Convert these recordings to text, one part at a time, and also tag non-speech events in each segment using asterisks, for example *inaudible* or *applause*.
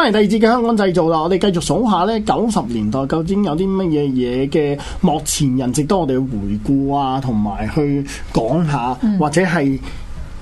翻嚟第二節嘅香港製造啦，我哋繼續數下咧，九十年代究竟有啲乜嘢嘢嘅幕前人值得我哋去回顧啊，同埋去講下，或者係。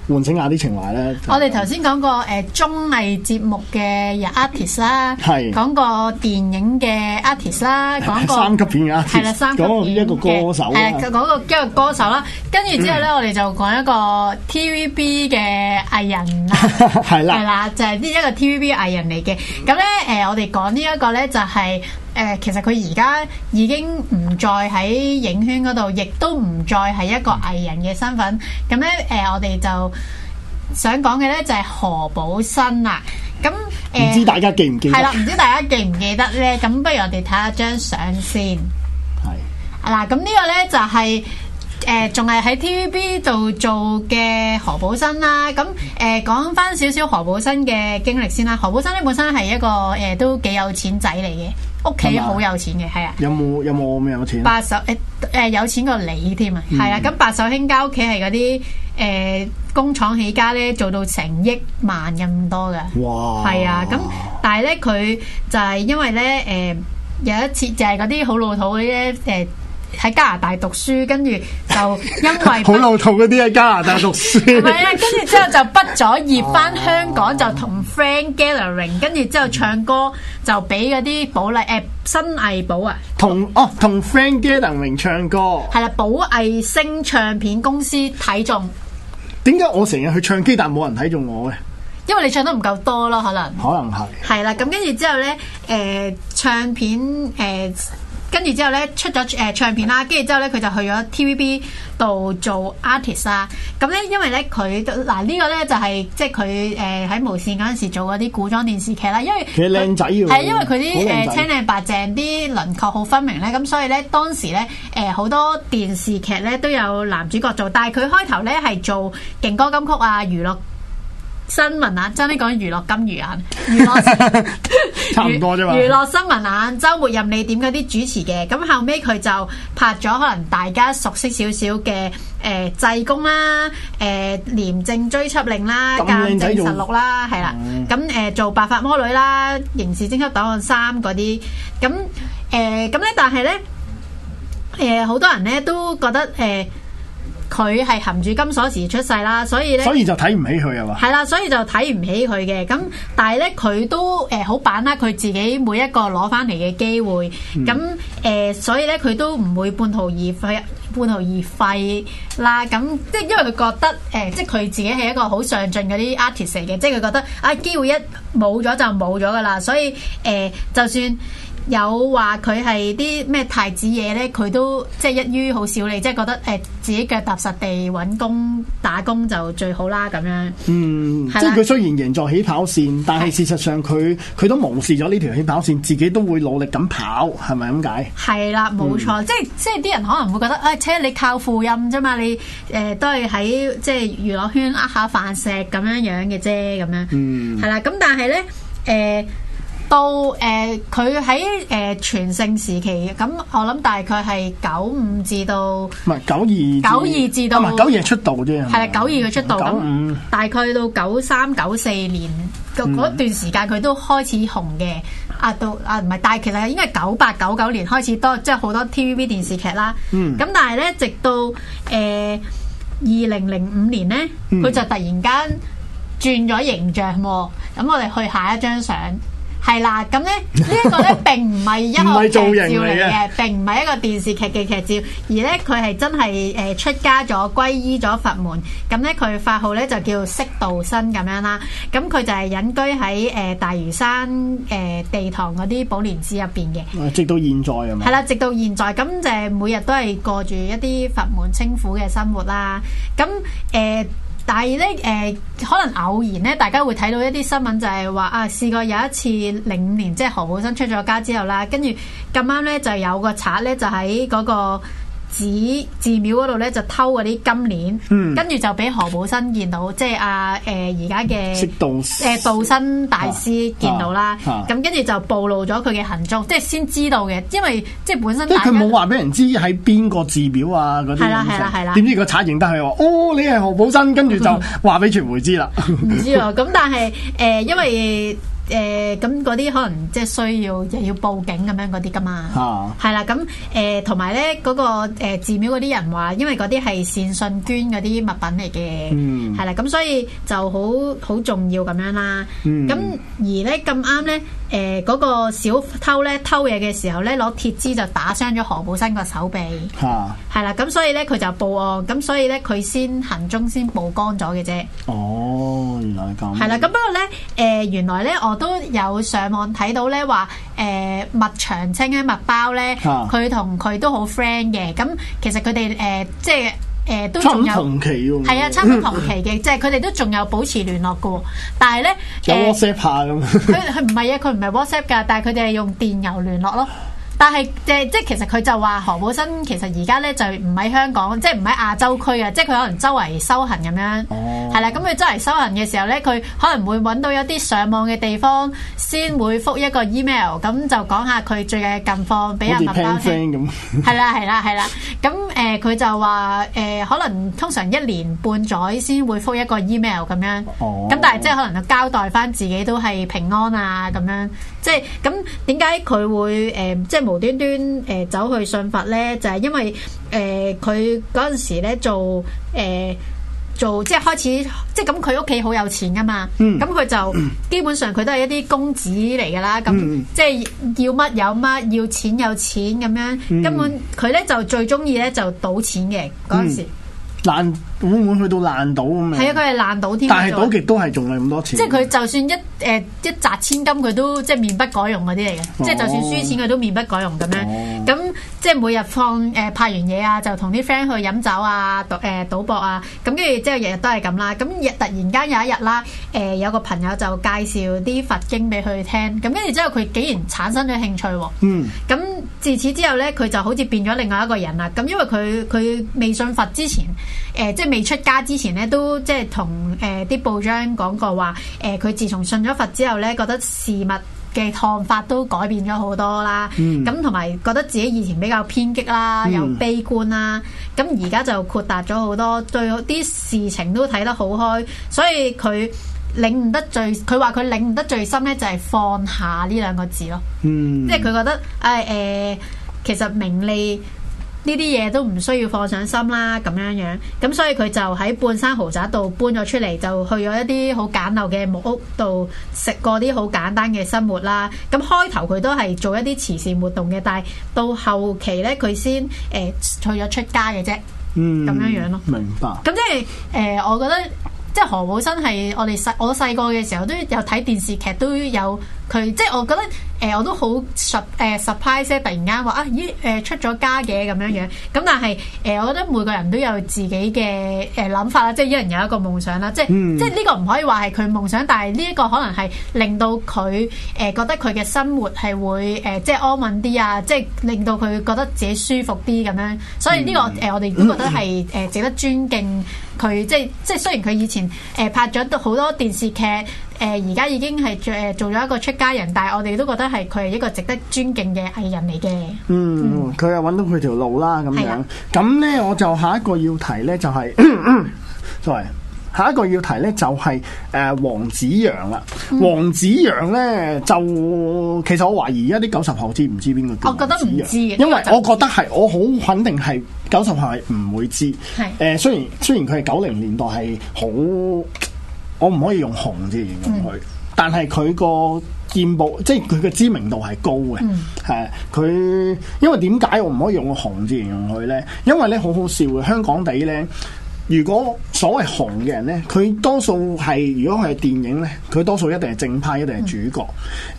喚醒下啲情懷咧。就是、我哋頭先講過誒綜藝節目嘅 artist 啦是，講過電影嘅 artist 啦過，講過三級片嘅，係啦，三級片嘅歌手。佢講個一個歌手啦。跟住、嗯、之後咧，我哋就講一個 TVB 嘅藝人啦，係啦 *laughs* 的，係啦，就係、是、呢一個 TVB 藝人嚟嘅。咁咧，誒、呃，我哋講呢一個咧就係、是。誒，其實佢而家已經唔再喺影圈嗰度，亦都唔再係一個藝人嘅身份。咁咧，誒，我哋就想講嘅咧就係何寶新啦。咁誒，唔知大家記唔記？係啦，唔知大家記唔記得咧？咁不如我哋睇下張相先。係。嗱，咁呢個咧就係誒，仲係喺 TVB 度做嘅何寶新啦。咁誒，講翻少少何寶新嘅經歷先啦。何寶新咧本身係一個誒，都幾有錢仔嚟嘅。屋企好有錢嘅，係啊！有冇有冇咁有，有，有錢？白手，誒、欸、誒、呃、有錢過你添、嗯、啊！係啊，咁白手興家屋企係嗰啲誒工廠起家咧，做到成億萬咁多嘅。哇！係啊，咁但係咧佢就係因為咧誒、呃、有一次就係嗰啲好老土嗰啲誒。呃喺加拿大讀書，跟住就因為好老 *laughs* 土嗰啲喺加拿大讀書，係 *laughs* 啊，跟住之後就畢咗業翻香港，哦、就同 friend gathering，跟住之後唱歌就俾嗰啲寶麗誒新藝寶啊，同哦同 friend gathering 唱歌係啦，寶藝、啊、星唱片公司睇中。點解我成日去唱機，但係冇人睇中我嘅？因為你唱得唔夠多咯，可能可能係係啦，咁跟住之後咧，誒、呃、唱片誒。呃跟住之後咧，出咗誒、呃、唱片啦，跟住之後咧，佢就去咗 TVB 度做 artist 啦。咁咧，因為咧佢嗱呢、啊這個咧就係、是、即係佢誒喺無線嗰陣時做嗰啲古裝電視劇啦，因為佢靚仔喎，係因為佢啲誒青靚白淨啲輪廓好分明咧，咁所以咧當時咧誒好多電視劇咧都有男主角做，但係佢開頭咧係做勁歌金曲啊娛樂。新聞眼，真係講娛樂金魚眼，娛樂 *laughs* *laughs* 差唔多啫嘛。娛樂新聞眼，周末任你點嗰啲主持嘅，咁後尾，佢就拍咗可能大家熟悉少少嘅誒濟公啦，誒、呃、廉政追緝令啦，鑑證實錄啦，係、嗯、啦，咁誒、呃、做白髮魔女啦，刑事偵緝檔案三嗰啲，咁誒咁咧，但係咧，誒、呃、好多人咧都覺得誒。呃佢係含住金鎖匙出世啦，所以咧，所以就睇唔起佢啊嘛。係啦，所以就睇唔起佢嘅。咁但係咧，佢都誒好把握佢自己每一個攞翻嚟嘅機會。咁誒、嗯呃，所以咧，佢都唔會半途而廢，半途而廢啦。咁即係因為佢覺得誒、呃，即係佢自己係一個好上進嗰啲 artist 嚟嘅，即係佢覺得啊，機會一冇咗就冇咗㗎啦。所以誒、呃，就算。有話佢係啲咩太子嘢咧，佢都即係一於好少理，即係覺得誒、呃、自己腳踏實地搵工打工就最好啦咁樣。嗯，啦即係佢雖然贏在起跑線，但係事實上佢佢是都無視咗呢條起跑線，自己都會努力咁跑，係咪咁解？係啦，冇錯、嗯，即係即係啲人可能會覺得誒，車、哎、你靠父蔭啫嘛，你誒、呃、都係喺即係娛樂圈呃下飯食咁樣樣嘅啫，咁樣。樣嗯，係啦，咁但係咧誒。到誒佢喺誒全盛時期，咁我諗大概係九五至到唔係九二九二至到唔係、啊、九二出道啫，係啦，九二嘅出道，九五，咁大概到九三九四年嗰段時間佢都開始紅嘅、mm. 啊。啊到啊唔係，但係其實應該係九八九九年開始多，即係好多 TVB 電視劇啦。嗯、mm.，咁但係咧，直到誒二零零五年咧，佢就突然間轉咗形象喎。咁我哋去下一張相。係啦，咁咧呢一個咧並唔係一個劇照嚟嘅，並唔係一個電視劇嘅劇照，而咧佢係真係誒出家咗、歸依咗佛門，咁咧佢法號咧就叫釋道新咁樣啦，咁佢就係隱居喺誒大嶼山誒地堂嗰啲寶蓮寺入邊嘅，直到現在係嘛？係啦，直到現在，咁就係每日都係過住一啲佛門清苦嘅生活啦，咁誒。但係咧，誒、呃、可能偶然咧，大家會睇到一啲新聞就，就係話啊，試過有一次零五年，即係何寶生出咗家之後啦，跟住咁啱咧就有個賊咧，就喺嗰、那個。寺寺廟嗰度咧就偷嗰啲金鏈，跟住、嗯、就俾何寶新見到，即係阿誒而家嘅誒道新大師見到啦。咁跟住就暴露咗佢嘅行蹤，即係先知道嘅，因為即係本身都。即係佢冇話俾人知喺邊個寺廟啊？嗰啲係啦係啦係啦。點知個賊認得佢話：哦，你係何寶新，跟住就話俾傳媒知啦。唔 *laughs* 知啊、哦，咁但係誒、呃，因為。 *laughs* *laughs* 誒咁嗰啲可能即係需要又要報警咁樣嗰啲噶嘛，係啦，咁誒同埋咧嗰個誒、呃、寺廟嗰啲人話，因為嗰啲係善信捐嗰啲物品嚟嘅，係啦，咁所以就好好重要咁樣啦，咁、嗯、而咧咁啱咧。誒嗰、呃，那個小偷咧偷嘢嘅時候咧攞鐵枝就打傷咗何寶生個手臂，係啦、啊，咁所以咧佢就報案，咁所以咧佢先行蹤先曝光咗嘅啫。哦，原來係咁。係啦，咁不過咧誒、呃，原來咧我都有上網睇到咧話誒，麥長青嘅麥包咧，佢同佢都好 friend 嘅，咁其實佢哋誒即係。誒、欸、都仲有，係啊，差唔多同期嘅， *laughs* 即係佢哋都仲有保持聯絡嘅。但係咧，誒 WhatsApp 下咁、欸，佢佢唔係啊，佢唔係 WhatsApp 㗎，但係佢哋係用電郵聯絡咯。但係即係其實佢就話何寶新其實而家咧就唔喺香港，即係唔喺亞洲區啊！即係佢可能周圍修行咁樣，係啦、oh.。咁佢周圍修行嘅時候咧，佢可能會揾到一啲上網嘅地方，先會復一個 email，咁就講下佢最近嘅近況俾阿麥包聽咁。係啦係啦係啦，咁誒佢就話誒、呃，可能通常一年半載先會復一個 email 咁樣。哦。咁但係即係可能交代翻自己都係平安啊咁樣。即係咁點解佢會誒、呃、即係無端端誒、呃、走去信佛咧？就係、是、因為誒佢嗰陣時咧做誒、呃、做即係開始即係咁佢屋企好有錢㗎嘛，咁佢、嗯、就基本上佢都係一啲公子嚟㗎啦，咁、嗯、即係要乜有乜，要錢有錢咁樣，嗯、根本佢咧就最鍾意咧就賭錢嘅嗰陣時、嗯。會唔會去到爛賭咁啊？係啊，佢係爛賭添。但係賭極都係仲係咁多錢。即係佢就算一誒一擲千金，佢都即係面不改容嗰啲嚟嘅。即係就算輸錢，佢都面不改容咁 *laughs* 樣。咁即係每日放誒拍完嘢啊，就同啲 friend 去飲酒啊，賭誒賭博啊。咁跟住即係日日都係咁啦。咁日突然間有一日啦，誒有個朋友就介紹啲佛經俾佢聽。咁跟住之後，佢竟然產生咗興趣。嗯。咁自此之後咧，佢就好似變咗另外一個人啦。咁因為佢佢未信佛之前，誒即係。未出家之前咧，都即係同誒啲報章講過話，誒、呃、佢自從信咗佛之後咧，覺得事物嘅看法都改變咗好多啦。咁同埋覺得自己以前比較偏激啦，又、嗯、悲觀啦，咁而家就豁達咗好多，對啲事情都睇得好開。所以佢領悟得最，佢話佢領悟得最深咧，就係放下呢兩個字咯。嗯，即係佢覺得誒誒、哎呃，其實名利。呢啲嘢都唔需要放上心啦，咁樣樣，咁所以佢就喺半山豪宅度搬咗出嚟，就去咗一啲好簡陋嘅木屋度食過啲好簡單嘅生活啦。咁開頭佢都係做一啲慈善活動嘅，但係到後期呢，佢先誒去咗出家嘅啫，嗯，咁樣樣咯。明白。咁即係、呃、我覺得即係何寶新係我哋細我細個嘅時候都有睇電視劇都有。佢即係我覺得，誒、呃、我都好 surprise 啫！突然間話啊，咦誒出咗家嘅咁樣樣，咁但係誒、呃，我覺得每個人都有自己嘅誒諗法啦，即係一人有一個夢想啦，即係、嗯、即係呢個唔可以話係佢夢想，但係呢一個可能係令到佢誒、呃、覺得佢嘅生活係會誒、呃、即係安穩啲啊，即係令到佢覺得自己舒服啲咁樣。所以呢、呢個誒、嗯呃，我哋都覺得係誒、呃、值得尊敬。佢即係即係雖然佢以前誒、呃、拍咗好多電視劇。誒，而家已經係做誒做咗一個出家人，但係我哋都覺得係佢係一個值得尊敬嘅藝人嚟嘅。嗯，佢又揾到佢條路啦，咁樣。咁咧，我就下一個要提咧、就是，就係 sorry，下一個要提咧就係誒黃子揚啦。黃、嗯、子揚咧就，其實我懷疑而家啲九十後知唔知邊個？我覺得唔知，因為我覺得係我好肯定係九十後唔會知。係是的、嗯，誒雖然雖然佢係九零年代係好。我唔可以用紅字形容佢，但係佢個見報，即係佢嘅知名度係高嘅，係佢因為點解我唔可以用個紅字形容佢呢？因為呢，好好笑嘅，香港地呢，如果所謂紅嘅人呢，佢多數係如果係電影呢，佢多數一定係正派，一定係主角。誒、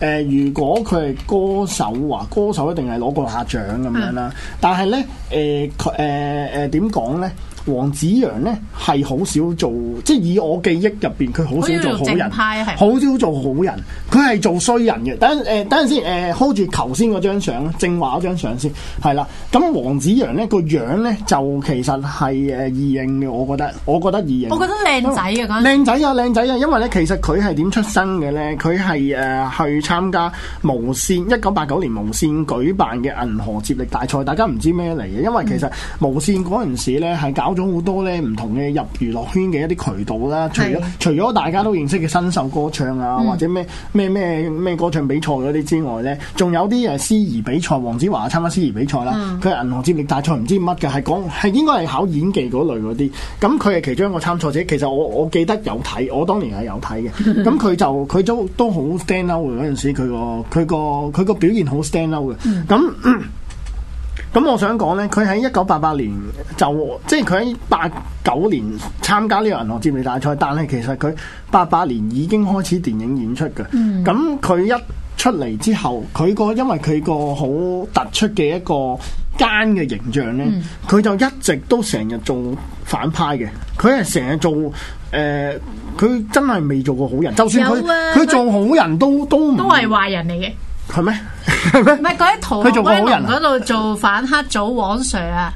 嗯呃，如果佢係歌手話，歌手一定係攞過下獎咁樣啦。嗯、但係呢，誒、呃，誒、呃，誒、呃，點講呢？黃子揚咧係好少做，即係以我記憶入邊，佢好少做好人，好少做好人。佢係嗎做衰人嘅。等誒、呃，等陣先誒，hold 住頭先嗰張相正話嗰張相先。係啦，咁黃子揚呢個樣咧就其實係誒異形嘅，我覺得，我覺得異形。我覺得靚仔，為仔啊，嗰靚仔啊，靚仔啊！因為咧，其實佢係點出生嘅咧？佢係誒去參加無線一九八九年無線舉辦嘅銀河接力大賽。大家唔知咩嚟嘅，因為其實無線嗰陣時咧係搞咗好多咧唔同嘅入娛樂圈嘅一啲渠道啦，除咗除咗大家都認識嘅新秀歌唱啊，或者咩咩咩咩歌唱比賽嗰啲之外咧，仲有啲誒司儀比賽，黃子華參加司儀比賽啦，佢、嗯、係銀行接力大賽唔知乜嘅，係講係應該係考演技嗰類嗰啲，咁佢係其中一個參賽者。其實我我記得有睇，我當年係有睇嘅。咁佢就佢都都好 stand out 嗰陣時，佢個佢個佢個表現好 stand out 嘅。咁咁我想講呢，佢喺一九八八年就即係佢喺八九年參加呢個銀河接力大賽，但係其實佢八八年已經開始電影演出嘅。咁佢、嗯、一出嚟之後，佢個因為佢個好突出嘅一個奸嘅形象呢，佢、嗯、就一直都成日做反派嘅。佢係成日做誒，佢、呃、真係未做過好人，就算佢佢做好人都都都係壞人嚟嘅。係咩？唔係佢喺《佢學好人嗰度、呃、做反黑組王 Sir 啊，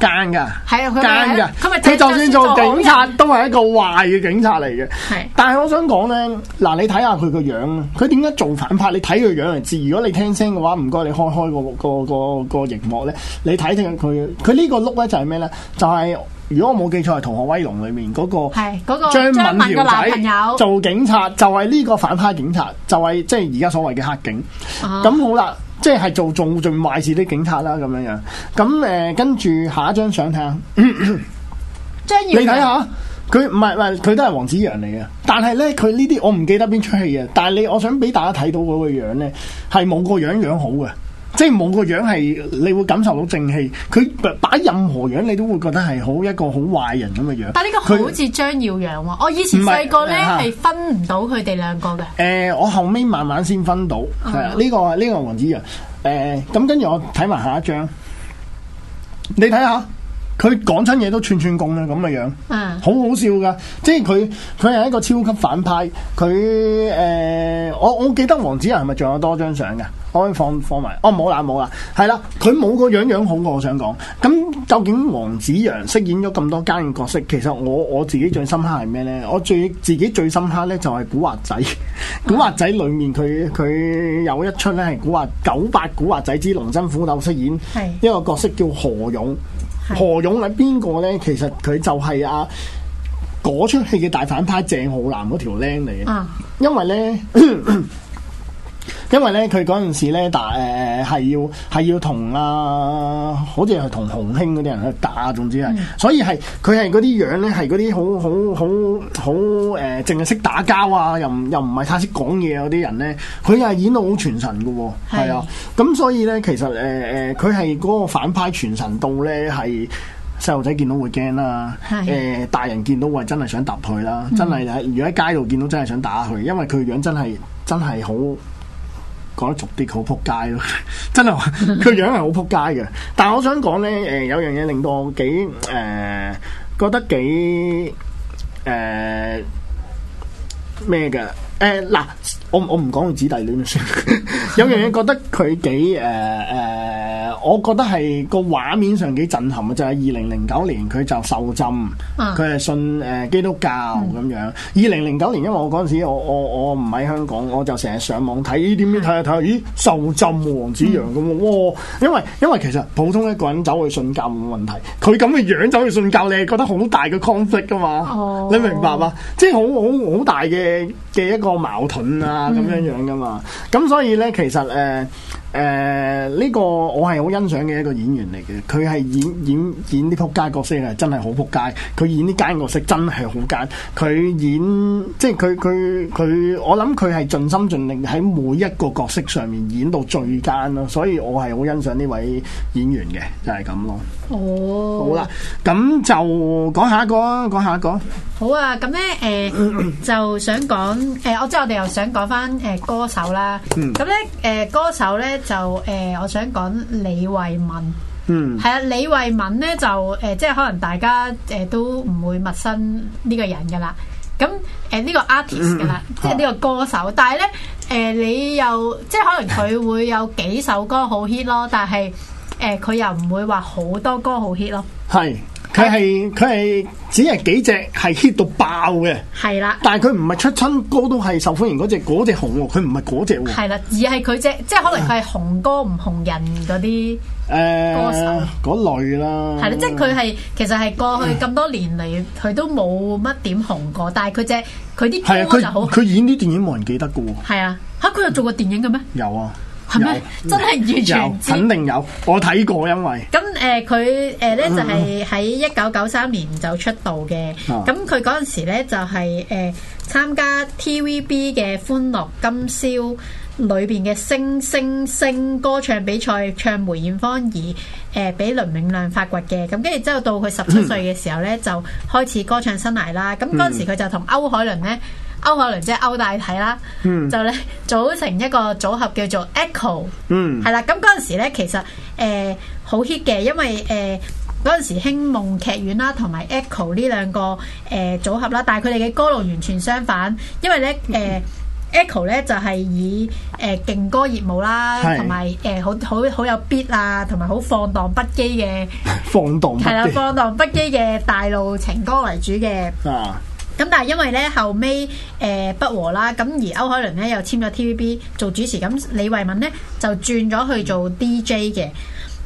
奸噶、嗯，係啊，佢奸噶，佢的就算做，做警察做都係一個壞嘅警察嚟嘅。係、嗯，但係我想講咧，嗱，你睇下佢個樣佢點解做反派？你睇佢樣嚟知。如果你聽聲嘅話，唔該你開開、嗰個、嗰個、嗰個熒、嗰個嗰個、幕咧，你睇睇佢，佢呢個碌咧就係咩咧？就係、是。如果我冇記錯係《同學威龍》裏面嗰、那個張敏個男朋友，做警察就係、是、呢個反派警察，就係即係而家所謂嘅黑警。咁、啊、好啦，即係做做盡壞事啲警察啦咁樣樣。咁、嗯、誒，跟住下一張相睇下，嗯、張妍 你睇下佢唔係唔係佢都係黃子揚嚟嘅。但係咧，佢呢啲我唔記得邊出戲嘅。但係你，我想俾大家睇到嗰個樣咧，係冇個樣樣好嘅。即係冇個樣係，你會感受到正氣。佢擺任何樣，你都會覺得係好一個好壞人咁嘅樣。但係呢個好似張耀揚喎，我它、哦、以前細個咧係分唔到佢哋兩個嘅。誒、啊啊，我後尾慢慢先分到，係、嗯、啊，呢、這個呢、這個黃子揚。誒、啊，咁跟住我睇埋下一張，你睇下。佢講親嘢都串串貢啦，咁嘅樣，好好笑噶。即係佢，佢係一個超級反派。佢誒、呃，我我記得黃子揚係咪仲有多張相嘅？我可以放放埋。哦，冇啦冇啦，係啦。佢冇個樣樣好過我想講。咁究竟黃子揚飾演咗咁多奸嘅角色，其實我我自己最深刻係咩咧？我最自己最深刻咧就係《古惑仔》。《古惑仔》裡面佢佢有一出咧係《古惑九八古惑仔之龍爭虎鬥》飾演，一個角色叫何勇。何勇係邊個咧？其實佢就係啊，嗰出戲嘅大反派鄭浩南嗰條僆嚟嘅，啊、因為咧。 *coughs* 因為咧，佢嗰陣時咧，打誒係要係要同啊，好似係同洪興嗰啲人去打，總之係，嗯呃啊，所以係佢係嗰啲樣咧，係嗰啲好好好好誒，淨係識打交啊，又唔又唔係太識講嘢嗰啲人咧，佢又係演到好傳神嘅，係啊，咁所以咧，其實誒誒，佢係嗰個反派傳神到咧，係細路仔見到會驚啦，誒是的、呃，大人見到係真係想揼佢啦，真係如果喺街度見到真係想打佢，因為佢樣真係真係好。講得俗啲，佢好撲街咯，真係，佢樣係好撲街嘅。但係我想講咧，誒有樣嘢令到我幾誒覺得幾誒咩嘅，誒嗱。我我唔講佢姊弟戀算， *laughs* 有樣嘢覺得佢幾誒誒，uh, uh, 我覺得係個畫面上幾震撼，就是，啊！就係二零零九年佢就受浸，佢係信誒基督教咁，嗯、樣。二零零九年因為我嗰陣時我我我唔喺香港，我就成日上網睇呢啲，睇下睇下，咦受浸黃子揚咁啊！因為因為其實普通一個人走去信教冇問題，佢咁嘅樣走去信教，你係覺得好大嘅 conflict 噶嘛？哦、你明白嘛？即係好好好大嘅嘅一個矛盾啊！啊咁樣樣㗎嘛，咁所以呢，其實誒誒呢個我係好欣賞嘅一個演員嚟嘅，佢係演演演啲撲街角色係真係好撲街，佢演啲奸角色真係好奸，佢演即係佢佢佢，我諗佢係盡心盡力喺每一個角色上面演到最奸咯，所以我係好欣賞呢位演員嘅，就係咁咯。哦，oh. 好啦，咁就講下一個啊，講下一個。一個好啊，咁咧，誒、呃，就想講，誒、呃，即我知我哋又想講翻，誒、呃，歌手啦。嗯、mm.。咁咧，誒，歌手咧就，誒、呃，我想講李慧敏。嗯。係啊，李慧敏咧就，誒、呃，即係可能大家，誒，都唔會陌生呢個人噶啦。咁，誒、呃，呢、這個 artist 噶啦，mm. 即係呢個歌手。Oh. 但係咧，誒、呃，你又，即係可能佢會有幾首歌好 hit 咯，但係。誒，佢、呃、又唔會話好多歌好 hit 咯，係佢係佢係只係幾隻係 hit 到爆嘅，係啦的。但係佢唔係出親歌都係受歡迎嗰隻，嗰隻紅，佢唔係嗰隻。係啦，而係佢只，即係可能佢係紅歌唔紅人嗰啲誒歌手嗰、呃、類啦。係啦，即係佢係其實係過去咁多年嚟，佢、呃、都冇乜點紅過。但係佢只佢啲歌又好，佢演啲電影冇人記得嘅喎。係啊，吓佢有做過電影嘅咩？有啊。有真係完全肯定有，我睇過，因為。咁誒，佢誒咧就係喺一九九三年就出道嘅。咁佢嗰陣時咧就係、是、誒、呃、參加 TVB 嘅《歡樂今宵》裏邊嘅星星星歌唱比賽，唱梅艷芳而誒俾、呃、倫永亮發掘嘅。咁跟住之後到佢十七歲嘅時候咧，嗯、就開始歌唱生涯啦。咁嗰陣時佢就同歐海倫咧。歐海倫即係歐大體啦，嗯、就咧組成一個組合叫做 Echo，係啦、嗯。咁嗰陣時咧，其實誒好、呃、hit 嘅，因為誒嗰陣時興夢劇院啦，同埋 Echo 呢兩個誒、呃、組合啦，但係佢哋嘅歌路完全相反，因為咧誒、呃、Echo 咧就係以誒勁、呃、歌熱舞啦，同埋誒好好好有 beat 啊，同埋好放蕩不羈嘅放蕩係啦，放蕩不羈嘅大路情歌為主嘅啊。咁但係因為咧後尾誒不和啦，咁而歐海倫咧又簽咗 TVB 做主持，咁李慧敏咧就轉咗去做 DJ 嘅。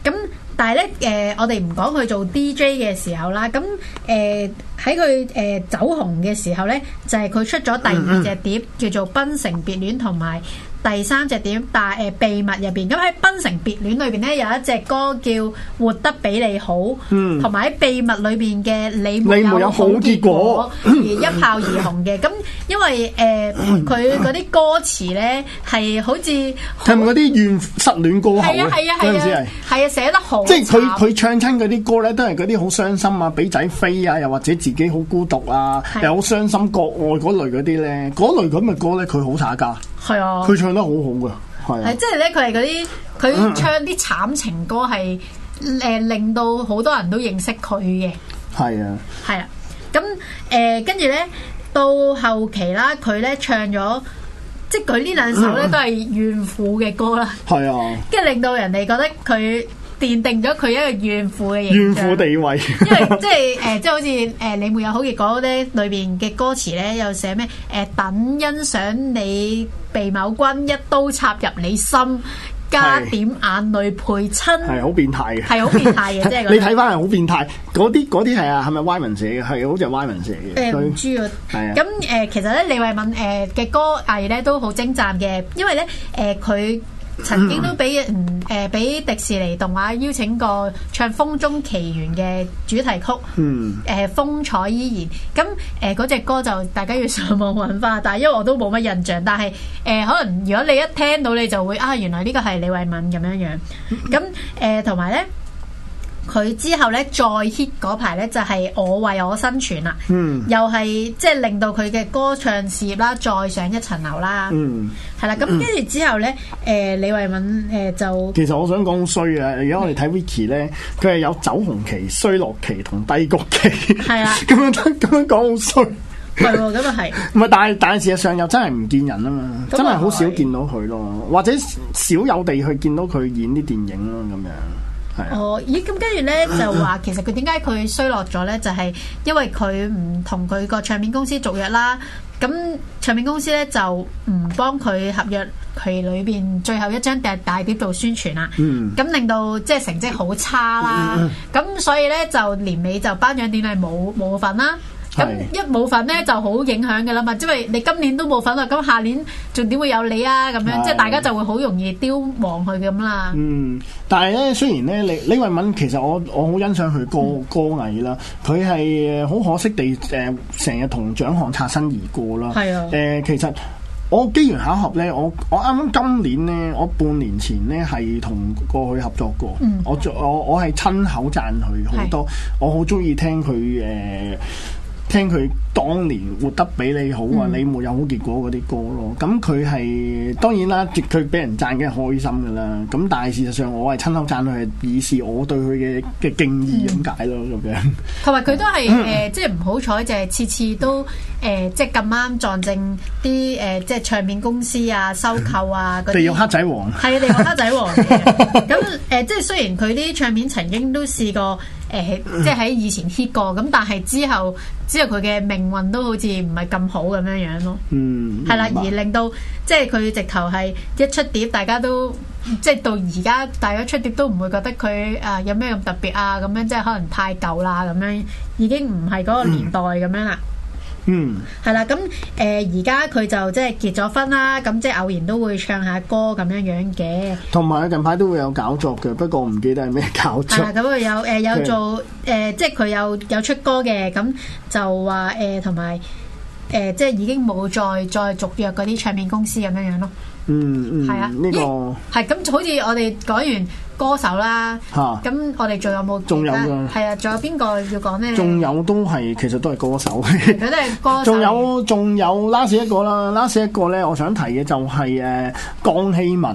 咁但係咧誒，我哋唔講佢做 DJ 嘅時候啦，咁誒喺佢誒走紅嘅時候咧，就係佢出咗第二隻碟叫做《奔城別戀》同埋，第三隻點，但係誒秘密入邊咁喺《檳城別戀》裏邊咧，有一隻歌叫《活得比你好》，嗯，同埋喺《秘密》裏邊嘅《你冇有好結果》而一炮而紅嘅。咁因為誒佢嗰啲歌詞咧係好似係咪嗰啲怨失戀歌喉啊？係啊係啊係啊寫得好，即係佢佢唱親嗰啲歌咧，都係嗰啲好傷心啊，俾仔飛啊，又或者自己好孤獨啊，又好傷心國外嗰類嗰啲咧，嗰類咁嘅歌咧，佢好耍家。係啊，佢唱得好好噶，係啊，係。即係咧，佢係嗰啲，佢唱啲慘情歌係誒，令到好多人都認識佢嘅。係啊，係啊，咁誒，跟住咧到後期啦，佢咧唱咗，即係佢呢兩首咧都係怨婦嘅歌啦。係啊，跟住 *laughs* 令到人哋覺得佢。奠定咗佢一個怨婦嘅形象，怨婦地位。因為即係誒，即係好似誒，李慧敏你沒有好結果嗰啲裏邊嘅歌詞咧，又寫咩誒？等欣賞你被某君一刀插入你心，加點眼淚陪襯，係好變態嘅，係好變態嘅，即係。你睇翻係好變態，嗰啲嗰啲係啊，係咪歪文寫嘅？係好似係歪文寫嘅。誒唔知啊，係啊。咁誒，其實咧李慧敏誒嘅歌藝咧都好精湛嘅，因為咧誒佢。曾經都俾人誒俾迪士尼動畫邀請過唱《風中奇緣》嘅主題曲，誒、mm. 呃、風采依然。咁誒嗰隻歌就大家要上網揾翻，但係因為我都冇乜印象。但係誒、呃、可能如果你一聽到你就會啊，原來呢個係李慧敏咁樣樣。咁誒同埋咧。呃佢之後咧再 hit 嗰排咧就係我為我生存啦，嗯，又係即係令到佢嘅歌唱事業啦再上一層樓啦，嗯，係啦，咁跟住之後咧，誒、嗯、李慧敏誒、呃、就其實我想講衰啊！如果我哋睇 Vicky 咧，佢係有走紅期、衰落期同低谷期，係啦的，咁 *laughs* 樣咁樣講好衰，係喎，咁又係，唔係但係但係事實上又真係唔見人啊嘛，真係好少見到佢咯，或者少有地去見到佢演啲電影咯咁樣。 *noise* 哦，咦，咁跟住咧就話，其實佢點解佢衰落咗咧？就係、是、因為佢唔同佢個唱片公司續約啦。咁唱片公司咧就唔幫佢合約佢裏邊最後一張第大碟做宣傳啦。咁、mm. 令到即係成績好差啦。咁所以咧就年尾就頒獎典禮冇冇份啦。咁一冇份咧就好影響嘅啦嘛，即係你今年都冇份啦，咁下年仲點會有你啊？咁樣是的 即係大家就會好容易凋亡佢咁啦。嗯，但係咧，雖然咧，你李慧敏其實我我好欣賞佢歌、嗯、歌藝啦，佢係好可惜地誒成日同獎項擦身而過啦。係啊。誒，其實我機緣巧合咧，我我啱啱今年咧，我半年前咧係同過去合作過，嗯、我我我係親口讚佢好多，是的 我好中意聽佢誒。呃呃嗯聽佢當年活得比你好啊，嗯、你冇有好結果嗰啲歌咯。咁佢係當然啦，佢俾人讚嘅係開心噶啦。咁但係事實上，我係親口讚佢，係以示我對佢嘅嘅敬意咁解咯咁樣。同埋佢都係誒，即係唔好彩，就係、是、次次都誒，即係咁啱撞正啲誒，即、呃、係、就是、唱片公司啊，收購啊，地獄黑仔王。係啊，地獄黑仔王。咁誒， *laughs* *laughs* 即、呃、係雖然佢啲唱片曾經都試過。誒、呃，即係喺以前 hit 過，咁但係之後，之後佢嘅命運都好似唔係咁好咁樣樣咯。嗯，係啦，而令到即係佢直頭係一出碟，大家都即係到而家，大家出碟都唔會覺得佢啊有咩咁特別啊咁樣，即係可能太舊啦咁樣，已經唔係嗰個年代咁樣啦。嗯。嗯，係、呃、啦，咁誒而家佢就即係結咗婚啦，咁即係偶然都會唱下歌咁樣樣嘅。同埋近排都會有搞作嘅，不過唔記得係咩搞作。係啦，咁佢有誒、呃、有做誒的、呃，即係佢有有出歌嘅，咁就話誒同埋誒，即係已經冇再再續約嗰啲唱片公司咁樣樣咯、嗯。嗯嗯，係啊的，呢這個係咁，好似我哋改完。歌手啦，吓，咁我哋仲有冇？仲有㗎，係啊，仲有邊個要講咧？仲有都係其實都係歌手。佢都係歌手。仲有仲有 last 一個啦，last 一個咧，我想提嘅就係誒江希文。咁、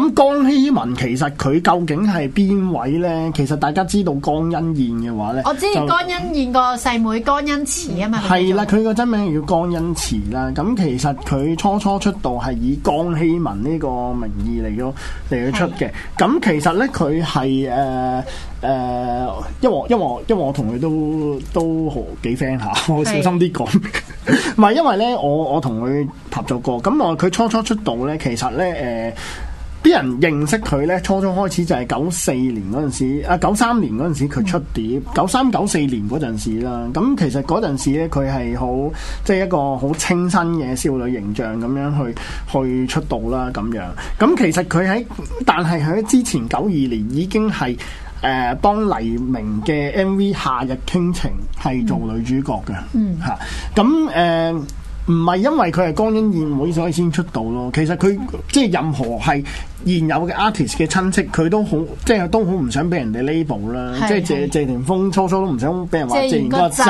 嗯、江希文其實佢究竟係邊位咧？其實大家知道江欣燕嘅話咧，我知江欣燕個細妹，妹江欣慈啊嘛。係啦就，佢個真名叫江欣慈啦。咁其實佢初初出道係以江希文呢個名義嚟咗嚟咗出嘅。咁的其實。佢係誒誒，因為因為我因為我同佢都都好幾 friend 吓，我小心啲講。唔 *laughs* 係因為咧，我我同佢合作過，咁我佢初初出道咧，其實咧誒。呃啲人認識佢呢，初中開始就係九四年嗰陣時，啊九三年嗰陣時佢出碟，九三九四年嗰陣時啦。咁其實嗰陣時呢，佢係好即係一個好清新嘅少女形象咁樣去去出道啦。咁樣咁其實佢喺，但係喺之前九二年已經係誒、呃、幫黎明嘅 MV《夏日傾情》係做女主角嘅。嗯，嚇咁誒唔係因為佢係光英宴會所以先出道咯。其實佢即係任何係。現有嘅 artist 嘅親戚，佢都好，即係都好唔想俾人哋 label 啦。即係謝謝霆鋒初初都唔想俾人話謝賢個仔，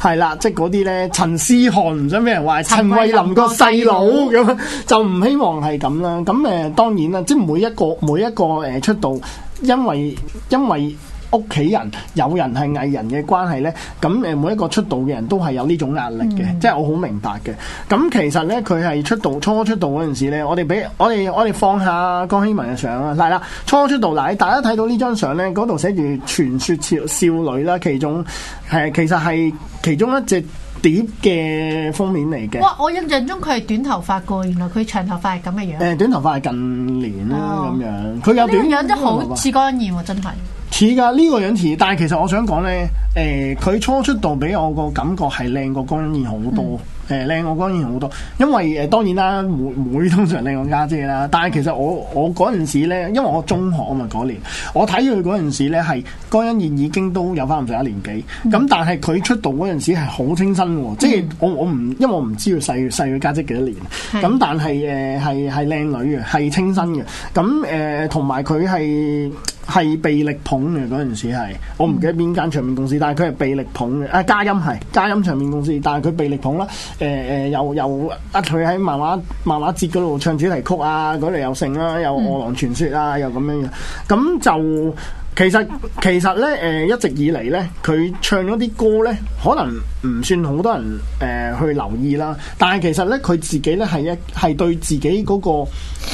係啦。即係嗰啲咧，陳思翰唔想俾人話 *music* 陳慧琳個細佬咁， *music* *laughs* 就唔希望係咁啦。咁誒、呃、當然啦，即係每一個每一個誒出道，因為因為。屋企人有人係藝人嘅關係呢，咁誒每一個出道嘅人都係有呢種壓力嘅，mm hmm。即係我好明白嘅。咁其實呢，佢係出道初出道嗰陣時咧，我哋俾我哋我哋放下江希文嘅相啊，係啦，初出道嗱，大家睇到呢張相呢，嗰度寫住傳説少女啦，其中係其實係其中一隻。碟嘅封面嚟嘅，哇！我印象中佢係短頭髮個，原來佢長頭髮係咁嘅樣。誒、呃，短頭髮係近年啦咁、哦、樣，佢有短嘅。呢、啊這個、樣真好似江燕喎，真係似㗎。呢、這個樣似，但係其實我想講咧，誒、呃，佢初出道俾我個感覺係靚過江燕好多。嗯誒靚，我當然好多，因為誒、呃、當然啦，妹妹通常靚我家姐啦。但係其實我我嗰陣時咧，因為我中學啊嘛嗰年，我睇佢嗰陣時咧係江欣燕已經都有翻唔上一年幾。咁、嗯、但係佢出道嗰陣時係好清新喎，即係我我唔，因為我唔知佢細細佢家姐幾多年。咁是的 但係誒係係靚女嘅，係清新嘅。咁誒同埋佢係。係被力捧嘅嗰陣時係，我唔記得邊間唱片公司，但係佢係被力捧嘅。啊，嘉音係嘉音唱片公司，但係佢被力捧啦。誒、呃、誒、呃，又又啊，佢喺漫畫漫畫節嗰度唱主題曲啊，嗰度又勝啦，又《餓狼傳說》啊，嗯、又咁樣樣，咁就。其實其實咧，誒、呃，一直以嚟，咧，佢唱咗啲歌咧，可能唔算好多人誒、呃、去留意啦。但係其實咧，佢自己咧係一係對自己嗰個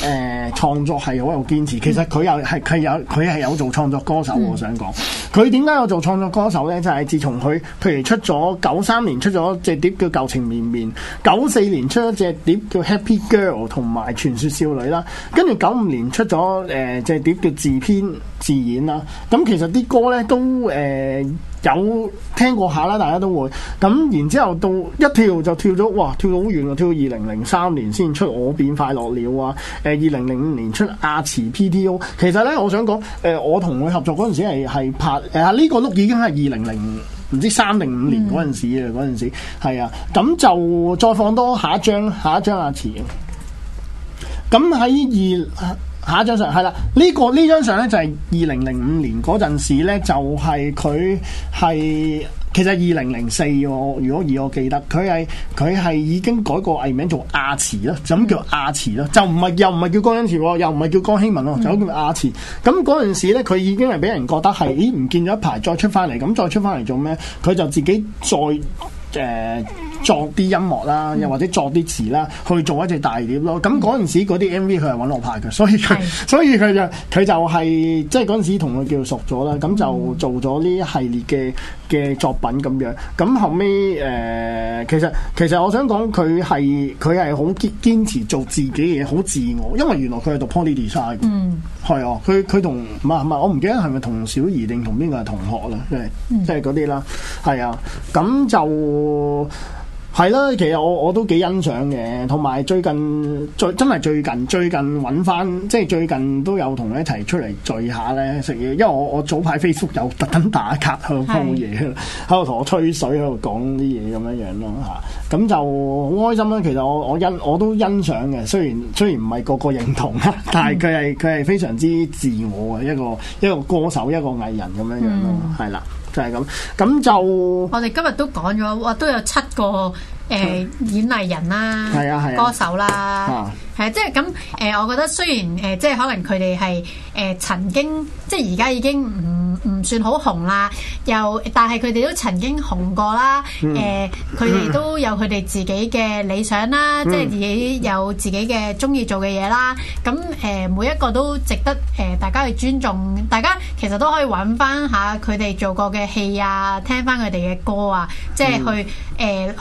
誒創作係好有堅持。其實佢又係佢有佢係有，有，有做創作歌手。我想講佢點解有做創作歌手咧？就係自從佢，譬如出咗九三年出咗隻碟叫《舊情綿綿》，九四年出咗隻碟叫《Happy Girl》同埋《傳說少女》啦，跟住九五年出咗誒，隻碟叫自編。飾演啦，咁其實啲歌咧都誒、呃、有聽過下啦，大家都會。咁然之後到一跳就跳咗，哇跳到好遠啊！跳到二零零三年先出《我變快樂了》啊，誒二零零五年出阿慈 PTO。其實咧，我想講誒、呃，我同佢合作嗰陣時係係拍誒，呢、呃呢個碌已經係二零零唔知三零五年嗰陣時、嗯、時啊，嗰陣時係啊。咁就再放多下一張，下一張《阿慈》咁喺二。下一張相係啦，呢個呢張相咧就係二零零五年嗰陣時咧，就係佢係其實二零零四喎，如果以我記得，佢係佢係已經改個藝名做亞慈啦，就咁叫亞慈啦，就唔係又唔係叫江恩慈喎，又唔係叫江希文咯，就咁叫亞慈。咁嗰陣時咧，佢已經係俾人覺得係，咦？唔見咗一排，再出翻嚟，咁再出翻嚟做咩？佢就自己再誒。呃作啲音樂啦，又或者作啲詞啦，去做一隻大碟咯。咁嗰陣時嗰啲 MV 佢係揾我拍嘅，所以佢是的 所以佢就佢、是、就係即係嗰陣時同佢叫熟咗啦。咁就做咗呢一系列嘅嘅作品咁樣。咁後尾，誒、呃，其實其實我想講佢係佢係好堅堅持做自己嘢，好自我。因為原來佢係讀 Poly Design 嘅，嗯，係啊，佢佢同唔係唔係，我唔記得係咪同小儀定同邊個係同學啦，即係即係嗰啲啦，係、就、啊、是，咁就。係啦， *music* 其實我我都幾欣賞嘅，同埋最近最真係最近最近揾翻，即係最近都有同你一齊出嚟聚下咧食嘢。因為我我早排 Facebook 有特登打卡喺度煲嘢，喺度同我吹水，喺度講啲嘢咁樣樣咯嚇。咁就好開心啦。其實我我欣我都欣賞嘅，雖然雖然唔係個個個認同啦， *laughs* *laughs* 但係佢係佢係非常之自我嘅一個一個歌手一個藝人咁樣樣咯，係啦。嗯 *music* Liksom, 就係咁，咁就我哋今日都講咗，哇，都有七個誒演藝人啦，係啊係歌手啦，係啊，即係咁誒，我覺得雖然誒，即係可能佢哋係誒曾經，即係而家已經唔。唔算好紅啦，又但係佢哋都曾經紅過啦。誒、嗯，佢哋、呃、都有佢哋自己嘅理想啦，嗯、即係自己有自己嘅中意做嘅嘢啦。咁誒、呃，每一個都值得誒、呃、大家去尊重。大家其實都可以揾翻下佢哋做過嘅戲啊，聽翻佢哋嘅歌啊，即係去誒、嗯呃、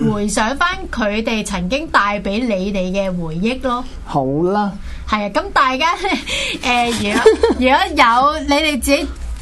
去回想翻佢哋曾經帶俾你哋嘅回憶咯。好啦，係啊，咁大家誒、呃，如果如果有你哋自己。 *laughs* *laughs*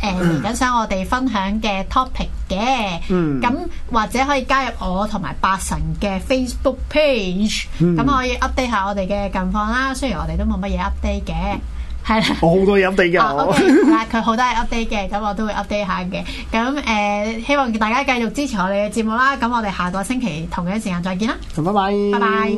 誒而家想我哋分享嘅 topic 嘅，咁、嗯、或者可以加入我同埋八神嘅 Facebook page，咁、嗯、可以 update 下我哋嘅近況啦。雖然我哋都冇乜嘢 update 嘅，係啦、嗯，的我好多嘢 update 㗎。嗱，佢好多嘢 update 嘅，咁我都會 update 下嘅。咁誒、呃，希望大家繼續支持我哋嘅節目啦。咁我哋下個星期同樣時間再見啦。拜拜。拜拜。